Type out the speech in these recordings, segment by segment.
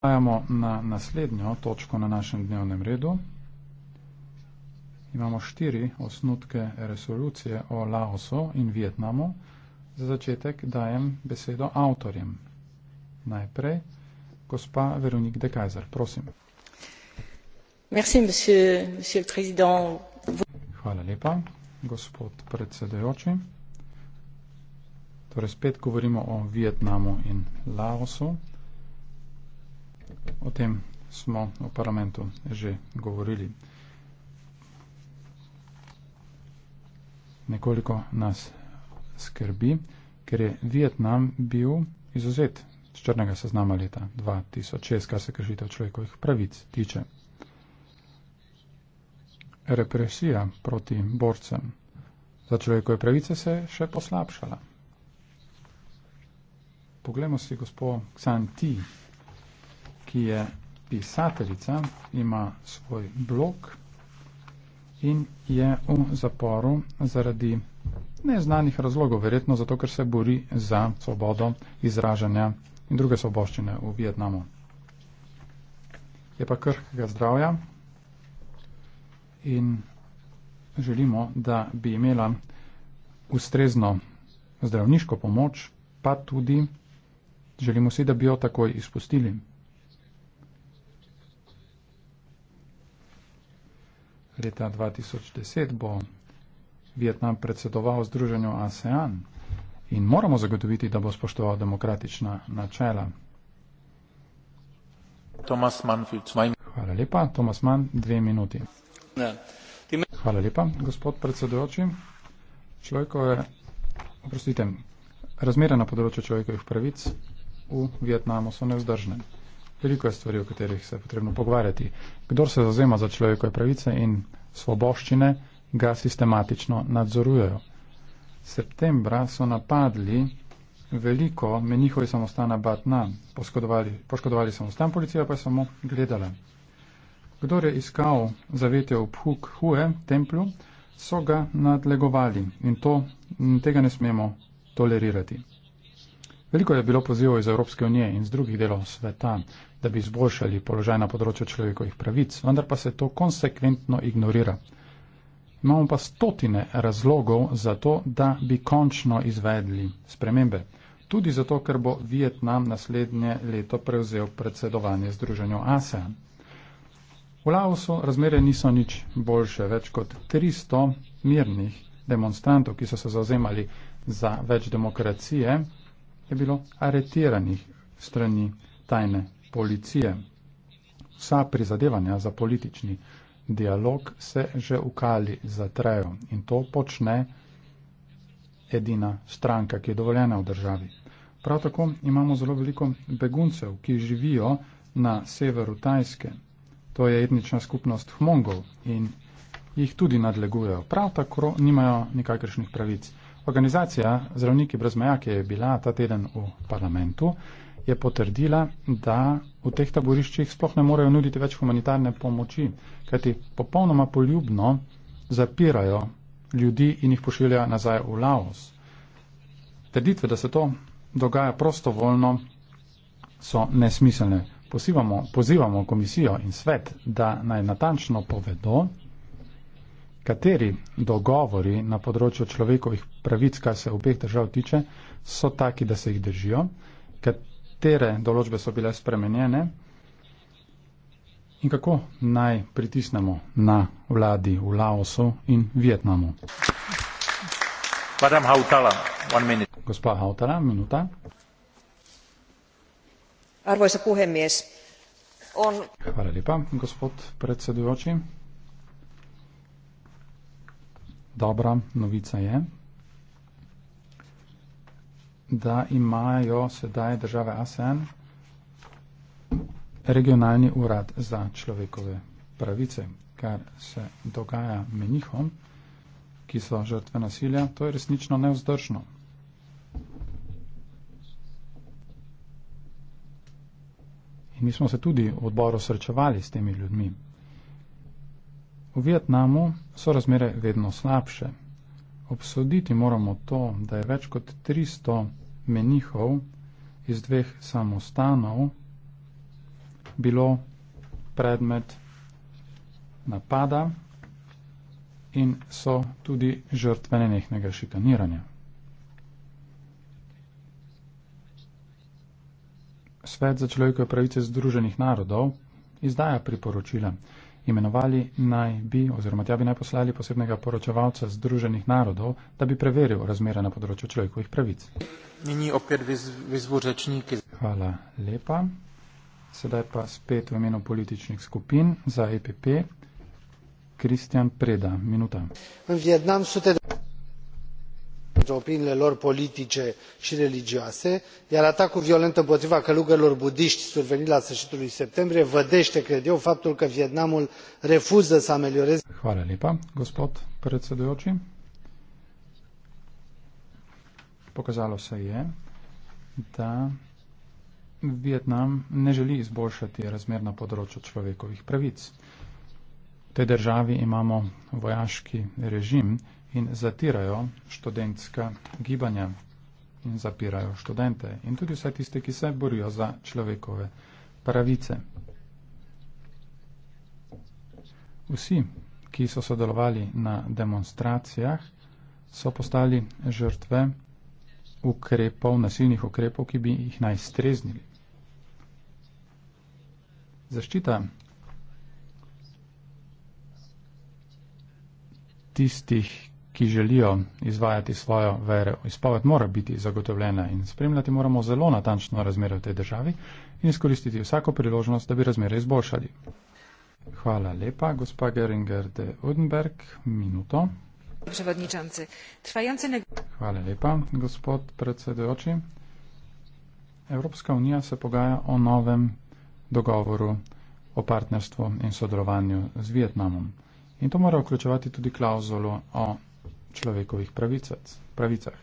Prehajamo na naslednjo točko na našem dnevnem redu. Imamo štiri osnutke resolucije o Laosu in Vietnamu. Za začetek dajem besedo avtorjem. Najprej gospa Veronik de Kajzer, prosim. Merci, monsieur, monsieur président. Hvala lepa, gospod predsedujoči. Torej spet govorimo o Vietnamu in Laosu. O tem smo v parlamentu že govorili. Nekoliko nas skrbi, ker je Vietnam bil izuzet z črnega seznama leta 2006, kar se kršitev človekovih pravic tiče. Represija proti borcem za človekove pravice se je še poslabšala. Poglejmo si gospod Xan Ti, ki je pisateljica, ima svoj blog in je v zaporu zaradi neznanih razlogov, verjetno zato, ker se bori za svobodo izražanja in druge svoboščine v Vietnamu. Je pa krhkega zdravja in želimo, da bi imela ustrezno zdravniško pomoč, pa tudi želimo si, da bi jo takoj izpustili. leta 2010 bo Vietnam predsedoval združenju ASEAN in moramo zagotoviti, da bo spoštoval demokratična načela. Hvala lepa. Tomas Mann, dve minuti. Ja. Hvala lepa, gospod predsedujoči. Človekove, oprostite, razmere na področju človekovih pravic v Vietnamu so nevzdržne veliko je stvari, o katerih se je potrebno pogovarjati. Kdor se zazema za človekove pravice in svoboščine, ga sistematično nadzorujejo. Septembra so napadli veliko menihovi samostana Batna, poškodovali, poškodovali samostan, policija pa je samo gledala. Kdor je iskal zavetje v Phuk Hue, templju, so ga nadlegovali in to, tega ne smemo tolerirati. Veliko je bilo pozivov iz Evropske unije in z drugih delov sveta, da bi izboljšali položaj na področju človekovih pravic, vendar pa se to konsekventno ignorira. Imamo pa stotine razlogov za to, da bi končno izvedli spremembe. Tudi zato, ker bo Vietnam naslednje leto prevzel predsedovanje Združenju ASEAN. V Laosu razmere niso nič boljše. Več kot 300 mirnih demonstrantov, ki so se zauzemali za več demokracije, je bilo aretiranih strani tajne policije. Vsa prizadevanja za politični dialog se že ukali za trejo in to počne edina stranka, ki je dovoljena v državi. Prav tako imamo zelo veliko beguncev, ki živijo na severu Tajske. To je etnična skupnost Hmongov in jih tudi nadlegujejo. Prav tako nimajo nikakršnih pravic. Organizacija Zdravniki brez meja, ki je bila ta teden v parlamentu, je potrdila, da v teh taboriščih sploh ne morejo nuditi več humanitarne pomoči, kajti popolnoma poljubno zapirajo ljudi in jih pošiljajo nazaj v Laos. Trditve, da se to dogaja prostovoljno, so nesmiselne. Pozivamo, pozivamo komisijo in svet, da naj natančno povedo, kateri dogovori na področju človekovih pravic, kar se obeh držav tiče, so taki, da se jih držijo, katere določbe so bile spremenjene in kako naj pritisnemo na vladi v Laosu in Vietnamu. Hautala, Gospa Hautala, minuta. Arvoisa puhemies, on... Hvala lepa, gospod predsedujoči. Dobra novica je, da imajo sedaj države ASEAN regionalni urad za človekove pravice, kar se dogaja menihom, ki so žrtve nasilja, to je resnično neozdržno. In mi smo se tudi v odboru srečevali s temi ljudmi. V Vietnamu so razmere vedno slabše obsoditi moramo to, da je več kot 300 menihov iz dveh samostanov bilo predmet napada in so tudi žrtve nenehnega šikaniranja. Svet za človekove pravice Združenih narodov izdaja priporočila imenovali naj bi oziroma tja bi naj poslali posebnega poročevalca Združenih narodov, da bi preveril razmere na področju človekovih pravic. Hvala lepa. Sedaj pa spet v imenu političnih skupin za EPP. Kristjan Preda, minuta. V Vietnamu so te pentru opiniile lor politice i religioase iar atacul violent împotriva călugărilor buditi survenit la sfâritul lui septembrie vădete cred eu faptul că vietnamul refuză să amelioreze Pokazalo se je, da Vietnam ne želi izboljšati razmer na področju človekovih pravic. V tej državi imamo vojaški režim, in zatirajo študentska gibanja in zapirajo študente in tudi vse tiste, ki se borijo za človekove pravice. Vsi, ki so sodelovali na demonstracijah, so postali žrtve ukrepov, nasilnih ukrepov, ki bi jih naj streznili. Zaščita tistih, ki želijo izvajati svojo vero, izpoved mora biti zagotovljena in spremljati moramo zelo natančno razmere v tej državi in izkoristiti vsako priložnost, da bi razmere izboljšali. Hvala lepa, gospa Geringer de Udenberg. Minuto. Hvala lepa, gospod predsedujoči. Evropska unija se pogaja o novem dogovoru o partnerstvu in sodelovanju z Vietnamom. In to mora vključevati tudi klauzulo o človekovih pravicec, pravicah.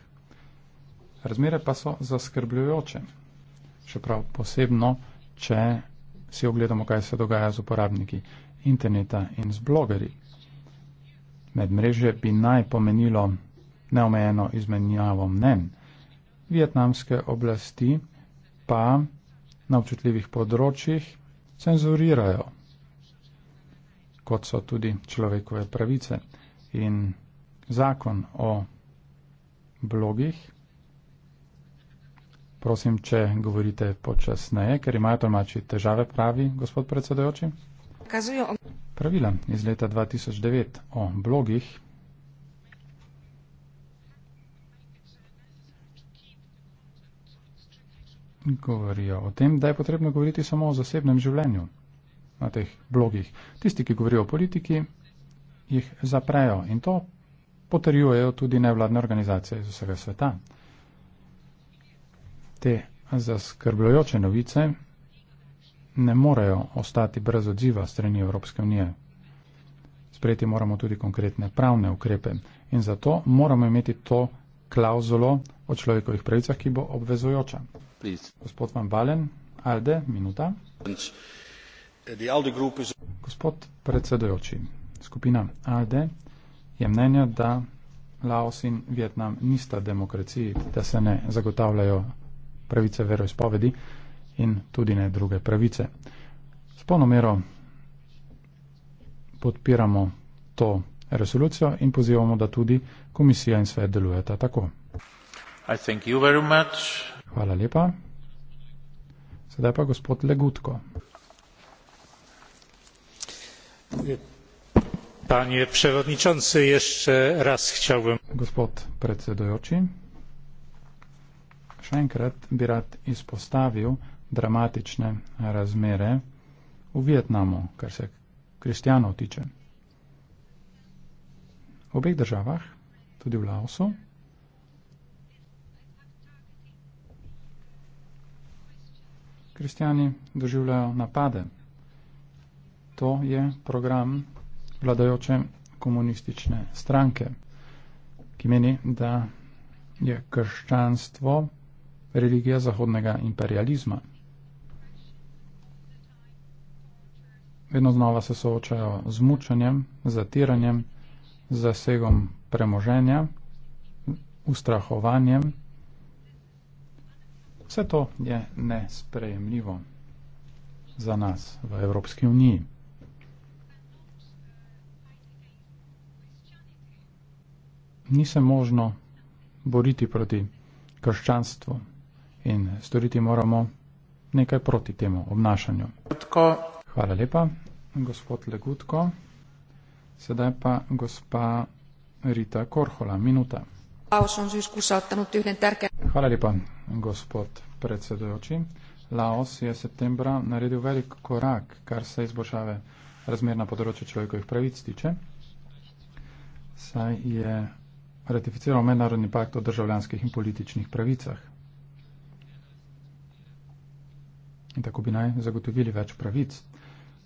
Razmere pa so zaskrbljujoče, še prav posebno, če si ogledamo, kaj se dogaja z uporabniki interneta in z blogerji. Med mreže bi naj pomenilo neomejeno izmenjavo mnen. Vietnamske oblasti pa na občutljivih področjih cenzurirajo, kot so tudi človekove pravice in pravice zakon o blogih. Prosim, če govorite počasneje, ker imajo tolmači težave, pravi gospod predsedojoči. Pravila iz leta 2009 o blogih govorijo o tem, da je potrebno govoriti samo o zasebnem življenju na teh blogih. Tisti, ki govorijo o politiki, jih zaprejo in to potrjujejo tudi nevladne organizacije iz vsega sveta. Te zaskrbljujoče novice ne morejo ostati brez odziva strani Evropske unije. Sprejeti moramo tudi konkretne pravne ukrepe in zato moramo imeti to klauzulo o človekovih pravicah, ki bo obvezojoča. Please. Gospod Van Balen, Alde, minuta. Gospod predsedojoči, skupina Alde je mnenja, da Laos in Vietnam nista demokraciji, da se ne zagotavljajo pravice veroizpovedi in tudi ne druge pravice. S ponomero podpiramo to resolucijo in pozivamo, da tudi komisija in svet delujeta tako. Hvala lepa. Sedaj pa gospod Legutko. Yeah panie przewodniczący jeszcze raz chciałbym gospod predsedujoči še enkrat bi rad izpostavil dramatične razmere v vietnamu kar se kristjanov tiče v obeh državah tudi v laosu kristjani doživljajo napade to je program vladajoče komunistične stranke, ki meni, da je krščanstvo religija zahodnega imperializma. Vedno znova se soočajo z mučanjem, zatiranjem, zasegom premoženja, ustrahovanjem. Vse to je nesprejemljivo za nas v Evropski uniji. ni se možno boriti proti krščanstvu in storiti moramo nekaj proti temu obnašanju. Hvala lepa, gospod Legutko. Sedaj pa gospa Rita Korhola, minuta. Hvala lepa, gospod predsedujoči. Laos je septembra naredil velik korak, kar se izboljšave razmer na področju človekovih pravic tiče. Saj je ratificiral mednarodni pakt o državljanskih in političnih pravicah. In tako bi naj zagotovili več pravic.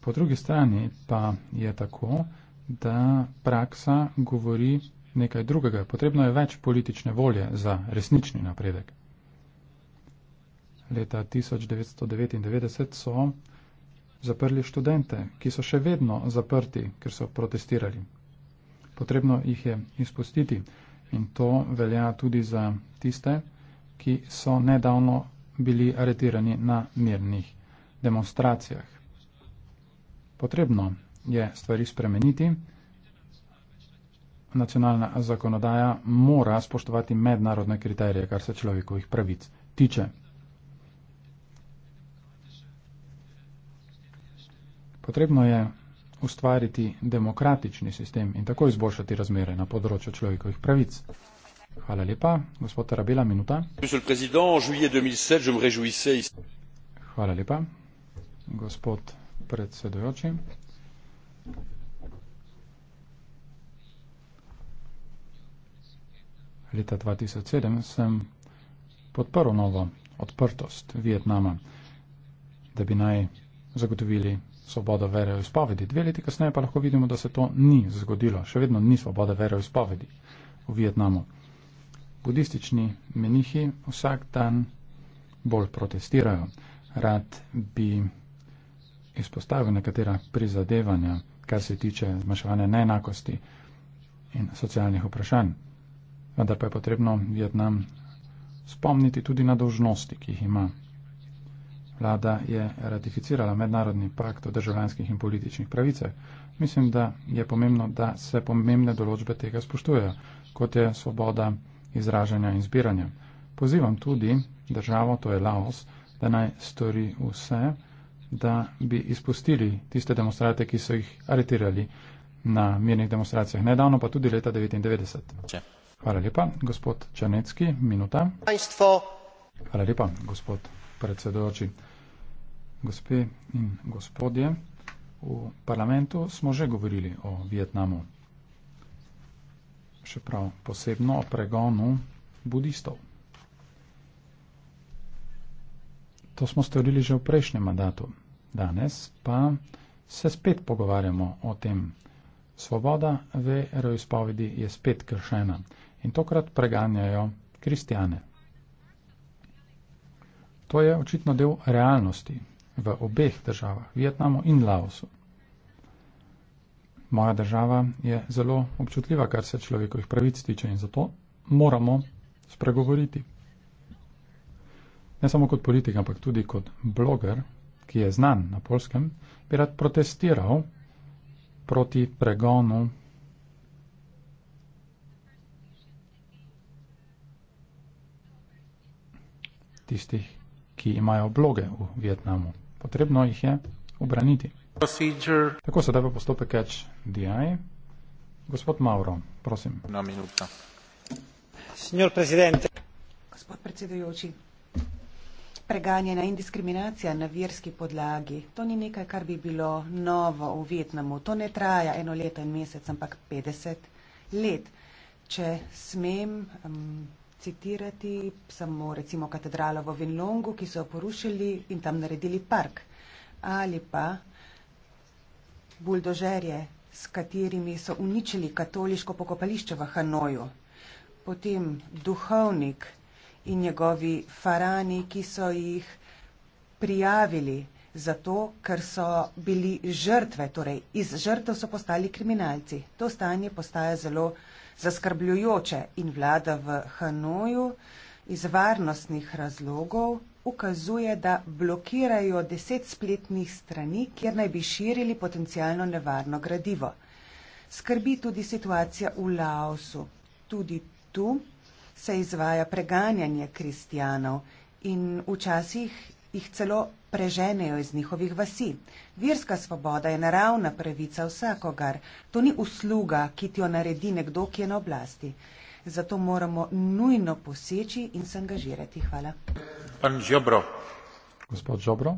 Po drugi strani pa je tako, da praksa govori nekaj drugega. Potrebno je več politične volje za resnični napredek. Leta 1999 so zaprli študente, ki so še vedno zaprti, ker so protestirali. Potrebno jih je izpustiti. In to velja tudi za tiste, ki so nedavno bili aretirani na mirnih demonstracijah. Potrebno je stvari spremeniti. Nacionalna zakonodaja mora spoštovati mednarodne kriterije, kar se človekovih pravic tiče. Potrebno je ustvariti demokratični sistem in tako izboljšati razmere na področju človekovih pravic. Hvala lepa, gospod Rabela, minuta. Hvala lepa, gospod predsedujoči. Leta 2007 sem podprl novo odprtost Vietnama, da bi naj zagotovili svobodo vere v izpovedi. Dve leti kasneje pa lahko vidimo, da se to ni zgodilo. Še vedno ni svobode vere v izpovedi v Vietnamu. Budistični menihi vsak dan bolj protestirajo. Rad bi izpostavil nekatera prizadevanja, kar se tiče zmaševanja neenakosti in socialnih vprašanj. Vendar pa je potrebno Vietnam spomniti tudi na dožnosti, ki jih ima Vlada je ratificirala mednarodni pakt o državljanskih in političnih pravicah. Mislim, da je pomembno, da se pomembne določbe tega spoštujejo, kot je svoboda izražanja in zbiranja. Pozivam tudi državo, to je Laos, da naj stori vse, da bi izpustili tiste demonstrate, ki so jih aretirali na mirnih demonstracijah nedavno, pa tudi leta 1999. Hvala lepa, gospod Črnecki, minuta. Hvala lepa, gospod predsedujoči. Gospe in gospodje, v parlamentu smo že govorili o Vietnamu. Še prav posebno o pregonu budistov. To smo storili že v prejšnjem mandatu. Danes pa se spet pogovarjamo o tem. Svoboda veroizpovedi je spet kršena in tokrat preganjajo kristijane. To je očitno del realnosti v obeh državah, Vietnamu in Laosu. Moja država je zelo občutljiva, kar se človekovih pravic tiče in zato moramo spregovoriti. Ne samo kot politik, ampak tudi kot bloger, ki je znan na polskem, bi rad protestiral proti pregonu tistih, ki imajo bloge v Vietnamu. Potrebno jih je obraniti. Procedure. Tako se deva postopek catch DI. Gospod Mauro, prosim. Na minuto. Signor Presidente. Gospod predsedujoči. Preganjena indiskriminacija na verski podlagi, to ni nekaj, kar bi bilo novo v Vietnamu. To ne traja eno leto in mesec, ampak 50 let. Če smem um, citirati samo recimo katedralo v Vinlongu, ki so jo porušili in tam naredili park. Ali pa buldožerje, s katerimi so uničili katoliško pokopališče v Hanoju. Potem duhovnik in njegovi farani, ki so jih prijavili zato, ker so bili žrtve, torej iz žrtev so postali kriminalci. To stanje postaja zelo Zaskrbljujoče in vlada v Hanoju iz varnostnih razlogov ukazuje, da blokirajo deset spletnih strani, kjer naj bi širili potencijalno nevarno gradivo. Skrbi tudi situacija v Laosu. Tudi tu se izvaja preganjanje kristijanov in včasih jih celo preženejo iz njihovih vasi. Verska svoboda je naravna pravica vsakogar. To ni usluga, ki ti jo naredi nekdo, ki je na oblasti. Zato moramo nujno poseči in se angažirati. Hvala. Pan Žobro. Gospod Žobro.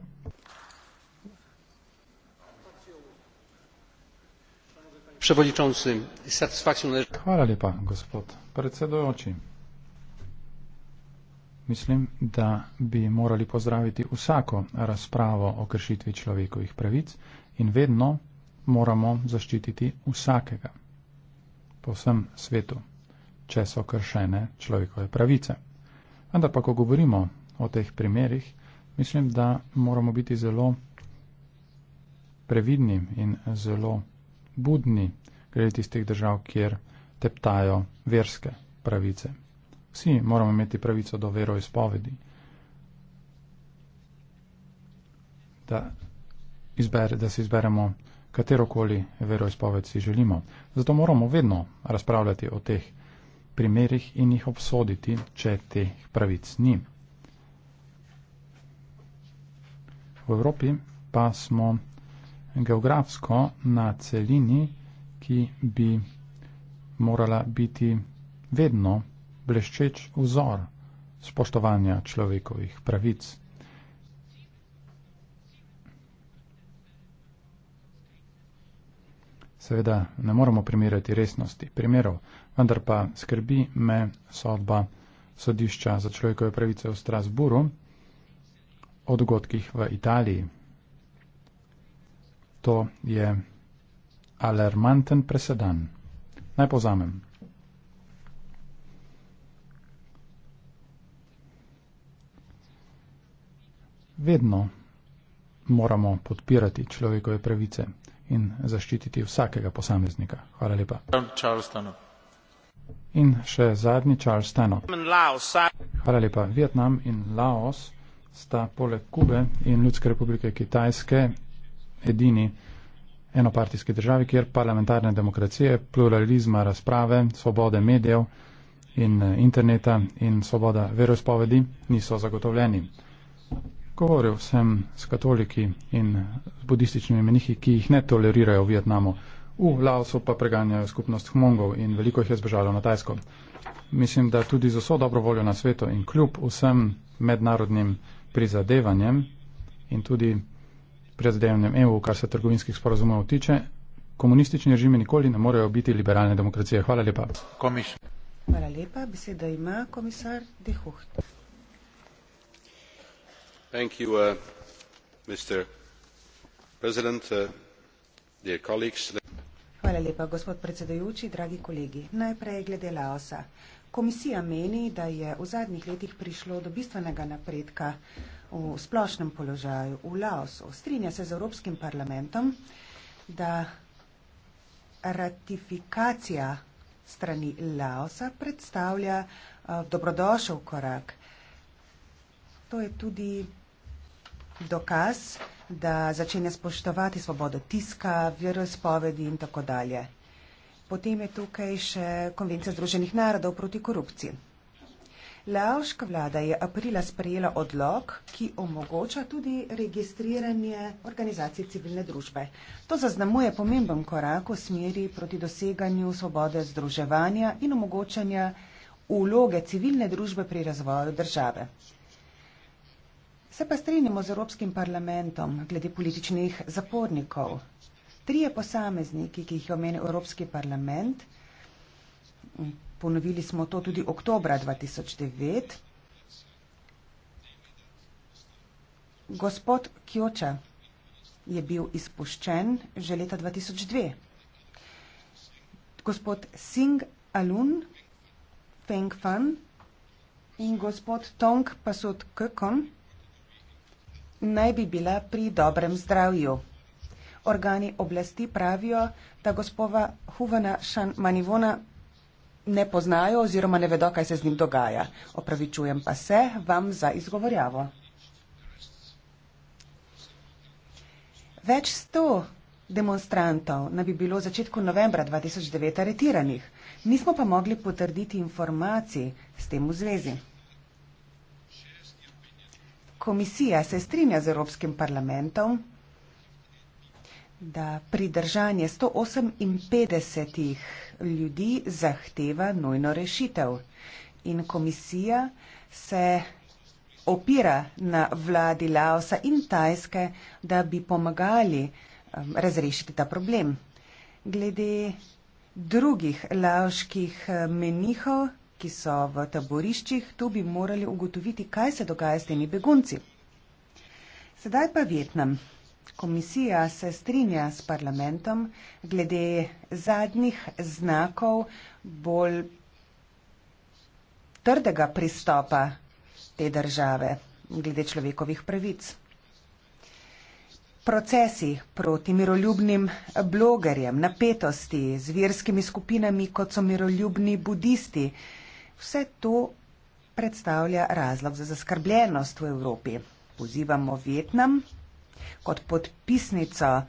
Hvala lepa, gospod predsedujoči. Mislim, da bi morali pozdraviti vsako razpravo o kršitvi človekovih pravic in vedno moramo zaščititi vsakega po vsem svetu, če so kršene človekove pravice. Vendar pa, ko govorimo o teh primerih, mislim, da moramo biti zelo previdni in zelo budni glede tistih držav, kjer teptajo verske pravice, Vsi moramo imeti pravico do veroizpovedi, da, izber, da si izberemo katerokoli veroizpoved si želimo. Zato moramo vedno razpravljati o teh primerih in jih obsoditi, če teh pravic ni. V Evropi pa smo geografsko na celini, ki bi morala biti vedno bleščeč vzor spoštovanja človekovih pravic. Seveda ne moremo primerjati resnosti primerov, vendar pa skrbi me sodba sodišča za človekove pravice v Strasburu o dogodkih v Italiji. To je alarmanten presedan. Naj povzamem. vedno moramo podpirati človekove pravice in zaščititi vsakega posameznika. Hvala lepa. In še zadnji Charles Tenop. Hvala lepa. Vietnam in Laos sta poleg Kube in Ljudske republike Kitajske edini enopartijski državi, kjer parlamentarne demokracije, pluralizma razprave, svobode medijev in eh, interneta in svoboda verospovedi niso zagotovljeni govoril sem s katoliki in z budističnimi menihi, ki jih ne tolerirajo v Vietnamu. V Laosu pa preganjajo skupnost Hmongov in veliko jih je zbežalo na Tajsko. Mislim, da tudi z vso dobro voljo na svetu in kljub vsem mednarodnim prizadevanjem in tudi prizadevanjem EU, kar se trgovinskih sporozumov tiče, komunistični režimi nikoli ne morejo biti liberalne demokracije. Hvala lepa. Komis. Hvala lepa. Beseda ima komisar Dehucht. Uh, mr president uh, dear colleagues hvala lepa gospod predsedujoči dragi kolegi najprej glede laosa komisija meni da je v zadnjih letih prišlo do bistvenega napredka v splošnem položaju v laosu strinja se z evropskim parlamentom da ratifikacija strani laosa predstavlja uh, dobrodošel korak to je tudi dokaz, da začne spoštovati svobodo tiska, veroizpovedi in tako dalje. Potem je tukaj še Konvencija Združenih narodov proti korupciji. Laoška vlada je aprila sprejela odlog, ki omogoča tudi registriranje organizacij civilne družbe. To zaznamuje pomemben korak v smeri proti doseganju svobode združevanja in omogočanja vloge civilne družbe pri razvoju države. Se pa strinjamo z Evropskim parlamentom glede političnih zapornikov. Trije posamezniki, ki jih je omenil Evropski parlament, ponovili smo to tudi oktobra 2009. Gospod Kjoča je bil izpuščen že leta 2002. Gospod Sing Alun Feng Fan in gospod Tong Pasut Kekon naj bi bila pri dobrem zdravju. Organi oblasti pravijo, da gospoda Huvana Šanmanivona ne poznajo oziroma ne vedo, kaj se z njim dogaja. Opravičujem pa se vam za izgovorjavo. Več sto demonstrantov naj bi bilo v začetku novembra 2009 aretiranih, nismo pa mogli potrditi informacij s tem v zvezi. Komisija se strinja z Evropskim parlamentom, da pridržanje 158 ljudi zahteva nujno rešitev. In komisija se opira na vladi Laosa in Tajske, da bi pomagali um, razrešiti ta problem. Glede drugih laoških eh, menihov, ki so v taboriščih, tu bi morali ugotoviti, kaj se dogaja s temi begunci. Sedaj pa Vietnam. Komisija se strinja s parlamentom glede zadnjih znakov bolj trdega pristopa te države glede človekovih pravic. Procesi proti miroljubnim blogerjem, napetosti z verskimi skupinami, kot so miroljubni budisti, Vse to predstavlja razlog za zaskrbljenost v Evropi. Pozivamo Vietnam kot podpisnico eh,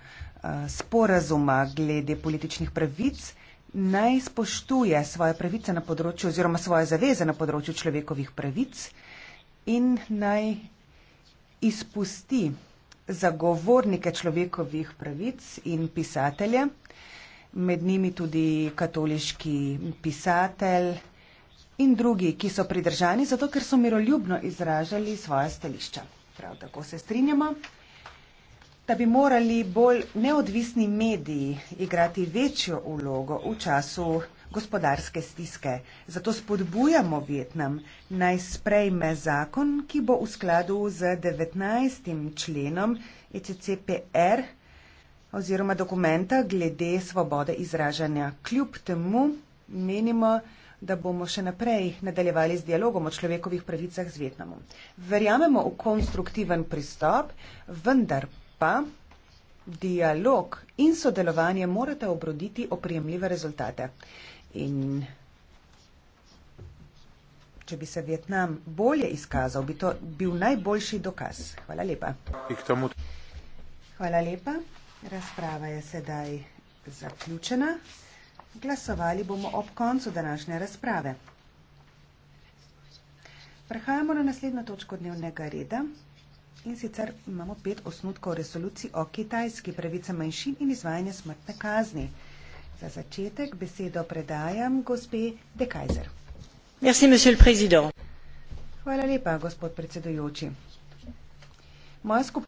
sporazuma glede političnih pravic naj spoštuje svoje pravice na področju oziroma svoje zaveze na področju človekovih pravic in naj izpusti zagovornike človekovih pravic in pisatelje, med njimi tudi katoliški pisatelj in drugi, ki so pridržani zato, ker so miroljubno izražali svoje stališča. Prav tako se strinjamo, da bi morali bolj neodvisni mediji igrati večjo vlogo v času gospodarske stiske. Zato spodbujamo Vietnam naj sprejme zakon, ki bo v skladu z 19. členom ECCPR oziroma dokumenta glede svobode izražanja. Kljub temu menimo, da bomo še naprej nadaljevali z dialogom o človekovih pravicah z Vietnamom. Verjamemo v konstruktiven pristop, vendar pa dialog in sodelovanje morate obroditi oprijemljive rezultate. In če bi se Vietnam bolje izkazal, bi to bil najboljši dokaz. Hvala lepa. Hvala lepa. Razprava je sedaj zaključena. Glasovali bomo ob koncu današnje razprave. Prehajamo na naslednjo točko dnevnega reda in sicer imamo pet osnutkov resolucij o kitajski pravica manjšin in izvajanje smrtne kazni. Za začetek besedo predajam gospe Dekajzer. Merci, Hvala lepa, gospod predsedujoči.